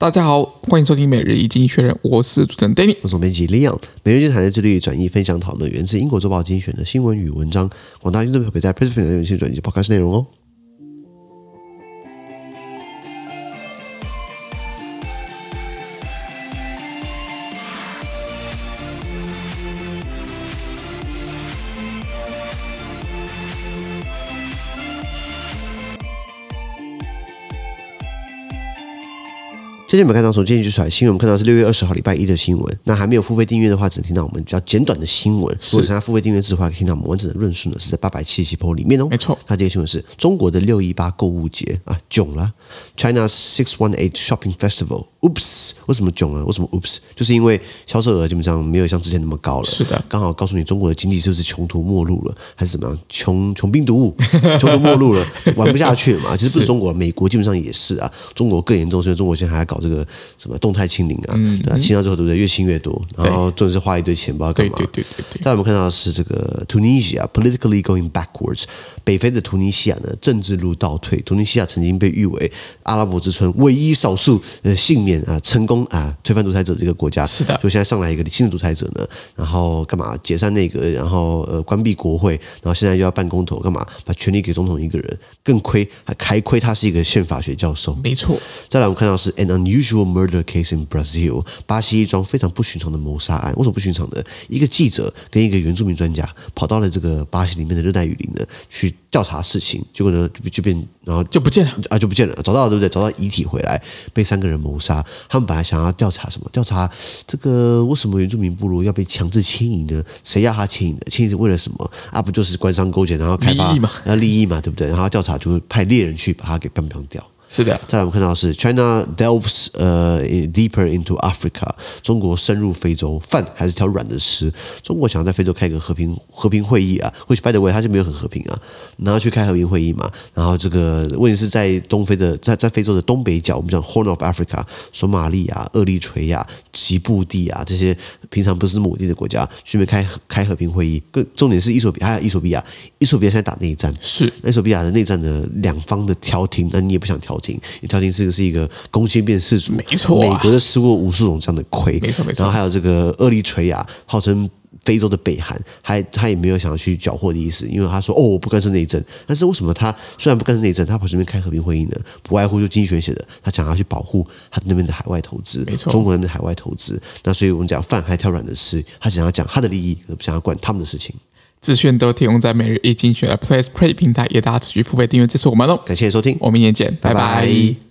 大家好，歡迎收聽每日一經濟學人，我是主持人 Danny，我是總編輯 Leon。每日金產業致力轉移，分享討論源自英國《週報》精選的新聞與文章，廣大聽眾可以在 PressPlay 平台用心轉接 Podcast 內容哦。最近我們看到，從今天出來的新聞，我們看到是六月二十號禮拜一的新聞。那還沒有付費訂閱的話，只能聽到我們比較簡短的新聞。如果參加付費訂閱制的話，可以聽到我們完整的論述呢。是在八百七十七 po 裡面哦。沒錯、欸，他這個新聞是中國的六一八購物節啊，囧了。China's Six One Eight Shopping Festival，Oops，為什麼囧了、啊？為什麼 Oops？就是因為銷售額基本上沒有像之前那麼高了。是的，剛好告訴你中國的經濟是不是窮途末路了，還是怎麼樣？窮窮兵黷武，窮 途末路了，玩不下去了嘛？其實不是中國，是美國基本上也是啊，中國更嚴重，所以中國現在還在搞。這個什麼動態清零啊？嗯、對啊清掉之後，對不對？越清越多，然後就是花一堆錢，不知道對幹嘛？對對對對,對再來我們看到是這個 Tunisia，politically going backwards。北非的突尼西亞，呢政治路倒退。突尼西亞，曾經被譽為阿拉伯之春唯一少數呃幸免啊、呃、成功啊、呃、推翻獨裁者這個國家。是的。就現在上來一個新的獨裁者呢，然後幹嘛？解散內閣，然後呃關閉國會，然後現在又要辦公投幹嘛？把權力給總統一個人，更虧還開虧，他是一個憲法學教授。沒錯。再來我們看到是 n d n usual murder case in Brazil，巴西一樁非常不尋常的謀殺案。為什麼不尋常呢？一個記者跟一個原住民專家跑到了這個巴西裡面的熱帶雨林呢，去調查事情。結果呢，就變，然後就不見了啊，就不見了。找到了對不對？找到遺體回來，被三個人謀殺。他們本來想要調查什麼？調查這個為什麼原住民部落要被強制遷移呢？誰要他遷移呢？遷移是為了什麼？啊，不就是官商勾結，然後開發利益嘛，然後利益嘛，對不對？然後調查，就派獵人去把他給砰砰掉。是的，再來我們看到的是 China delves 呃、uh, deeper into Africa，中國深入非洲，飯還是挑軟的吃。中國想要在非洲開一個和平和平會議啊，或許 by the way，他就沒有很和平啊，然後去開和平會議嘛。然後這個問題是在東非的，在在非洲的東北角，我們講 Horn of Africa，索馬利亞、厄立垂亞、吉布地啊這些平常不是母地的國家，順便開開和平會議。更重點是，伊索比亞，伊索比亞，伊索比亞現在打內戰，是那伊索比亞的內戰的兩方的調停，那你也不想調。也調停是一個攻心變世主。美國就吃過無數種這樣的虧，沒錯、哦、沒錯。沒錯然後還有這個厄立垂亞，號稱非洲的北韓，還他也沒有想要去攪和的意思，因為他說哦，我不干涉內政。但是為什麼他雖然不干涉內政，他跑這邊開和平會議呢？不外乎就經濟學寫的，他想要去保護他那邊的海外投資，沒錯。中國那邊的海外投資，那所以我們講飯還挑軟的吃，他想要講他的利益，不想要管他們的事情。資訊都提供在每日一精選的 PressPlay 平台，也大家持續付費訂閱支持我們嘍！感謝收聽，我們明天見，拜拜。拜拜